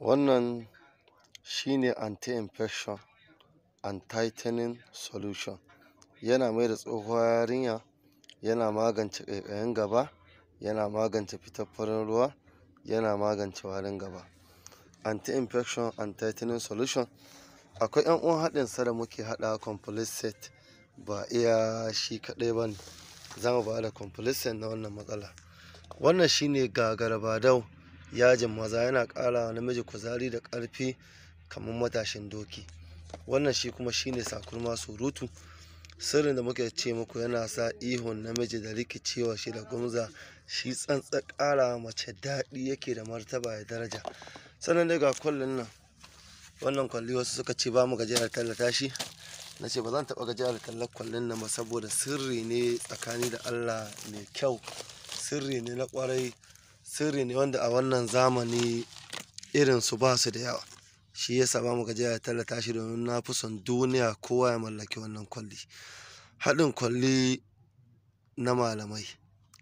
Wannan shi ne anti-infection and tightening solution yana mai da tsohuwar yarinya yana magance ƙaiƙayin gaba yana magance fitar farin ruwa yana magance warin gaba anti-infection and tightening solution akwai ƴan uwan haɗin sa da muke haɗa set ba iya shi kaɗai ba ne. Za ba da bada set na wannan matsala wannan shi ne gagarabadau yajin maza yana ƙara wa namiji kuzari da ƙarfi kamar matashin doki wannan shi kuma shine sakurma surutu sirrin da muke ce muku yana sa ihun namiji da rikicewa shi da gumza shi tsantsa ƙara mace daɗi yake da martaba ya daraja sannan dai ga kwallon nan wannan kwalli wasu suka ce ba mu gajiyar tallata shi na ce ba zan taɓa gajiyar tallar kwallon nan ba saboda sirri ne tsakani da allah mai kyau sirri ne na kwarai sirri ne wanda a wannan zamani irin su ba su da yawa shi yasa ba mu gaji ya tallata shi domin na fi son duniya kowa ya mallaki wannan kwalli haɗin kwalli na malamai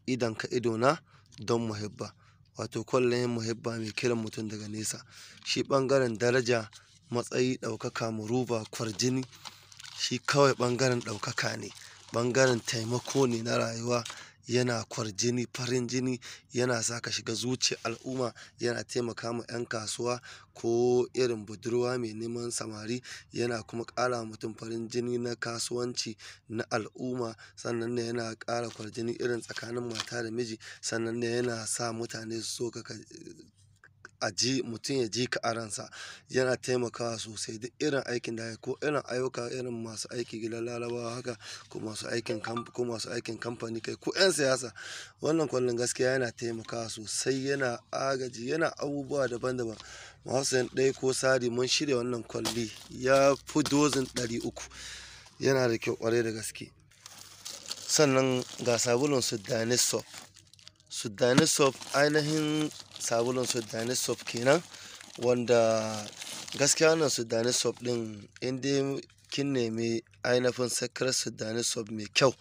idan ka idona don muhibba wato kwallayen muhibba mai kiran mutum daga nesa shi ɓangaren daraja matsayi ɗaukaka muruba kwarjini shi kawai ɓangaren ɗaukaka ne ɓangaren taimako ne na rayuwa yana kwarjini farin jini yana sa ka shiga zuci al'umma yana taimaka ma 'yan kasuwa ko irin budurwa mai neman samari yana kuma ƙara mutum farin jini na kasuwanci na al'umma sannan ne yana ƙara kwarjini irin tsakanin mata da miji sannan ne yana sa mutane su so ka. a ji mutum ya ji ka a ransa yana taimakawa sosai duk irin aikin da ko irin ayyuka irin masu aiki gidan larabawa haka ko masu aikin ko masu aikin kamfani kai ko 'yan siyasa wannan kwallon gaskiya yana taimakawa sosai yana agaji yana abubuwa daban-daban masu ɗaya ko sari mun shirya wannan kwalli ya fi dozin ɗari uku yana da kyau kwarai da gaske sannan ga sabulun su sudani ainihin sabulun sudani kenan wanda gaskiya wannan sudanisof ɗin din inda kin nemi ainihin sakar sudani mai kyau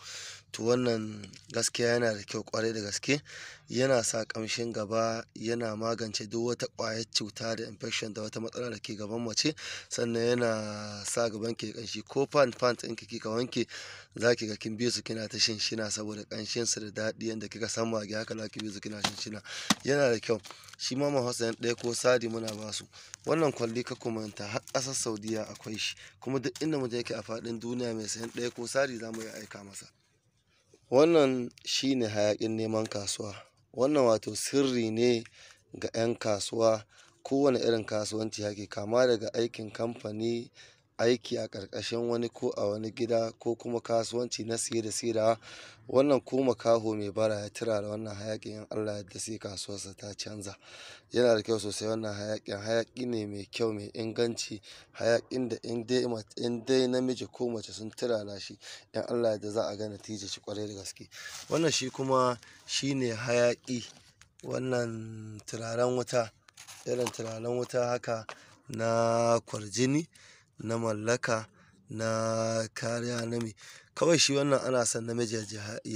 to wannan gaskiya yana da kyau kwarai da gaske yana sa kamshin gaba yana magance duk wata kwayar cuta da infection da wata matsala da ke gaban mace sannan yana sa gaban ke kanshi ko fan fan in ki ka wanke zaki ga kin bisu su kina ta shinshina saboda kanshin su da daɗi yanda kika san mage haka zaki bi su kina shinshina yana da kyau shi ma yan ɗaya ko sadi muna ba su wannan kwalli ka kumanta har ƙasar saudiya akwai shi kuma duk inda mutum yake a faɗin duniya mai sayan ɗaya ko sadi za mu iya aika masa Wannan shi ne hayaƙin neman kasuwa. Wannan wato sirri ne ga 'yan kasuwa. Kowane irin kasuwanci yake, kama daga aikin kamfani. aiki a ƙarƙashin wani ko a wani gida ko kuma kasuwanci na siye da siyarwa wannan ko makaho mai bara ya turara da wannan hayaƙin 'yan Allah yadda sai kasuwarsa ta canza yana da kyau sosai wannan hayaƙin hayaƙi ne mai kyau mai inganci hayaƙin da in dai namiji ko mace sun turara na shi 'yan Allah yadda za a ga natija shi kwarai da gaske wannan shi kuma shi ne hayaƙi wannan turaren wuta irin turaren wuta haka na kwarjini na mallaka, na kariya na mai Kawai shi wannan ana son namiji ya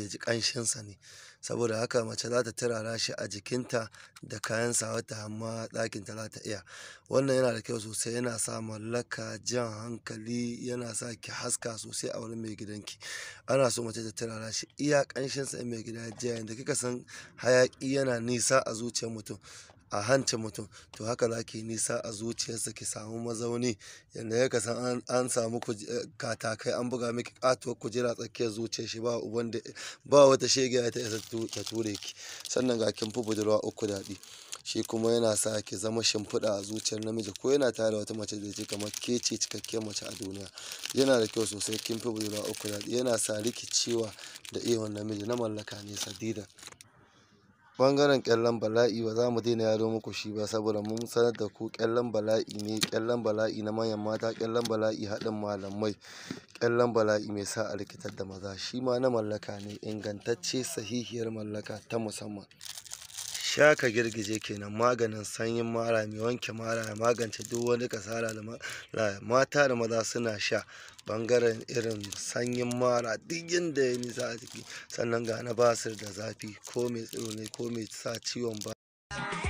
ji ƙanshinsa ne. Saboda haka mace za ta turara shi a jikinta da kayan sawa ta hamma ɗakinta za ta iya. Wannan yana da kyau sosai, yana sa mallaka, jan hankali, yana sa ki haska sosai a wurin mai gidanki Ana so mace ta turara shi iya ƙanshinsa in gida ya ji yayin da kika san hayaƙi yana nisa a zuciyar mutum. a hancin mutum to haka za ki nisa a zuciyarsa ki samu mazauni yadda ya kasan an samu eh, katakai an buga miki katuwar kujera tsakiyar zuciyar shi ba wa ba wata shegiya ta isa ta ture ki sannan ga kin fi budurwa uku daɗi shi kuma yana sa ki zama shimfiɗa a zuciyar namiji ko yana tare da wata mace da ce kamar ke ce cikakkiyar mace a duniya yana da kyau sosai kin fi budurwa uku daɗi yana sa rikicewa da wannan namiji na mallaka ne sadida bangaren ƙyallen bala'i ba za mu daina yaro muku shi ba saboda mun sanar da ku ƙyallen bala'i ne ƙyallen bala'i na manyan mata ƙyallen bala'i haɗin malamai ƙyallen bala'i mai sa a rikitar da maza shi ma na mallaka ne ingantacce sahihiyar mallaka ta musamman. sha ka girgije kenan maganin sanyin mara mai wanke mara ya magance duk wani kasara da mata da maza suna sha bangaren irin sanyin mara duk yadda ya nisa a jiki sannan ga na basir da zafi ko mai tsiro ne ko mai sa ciwon ba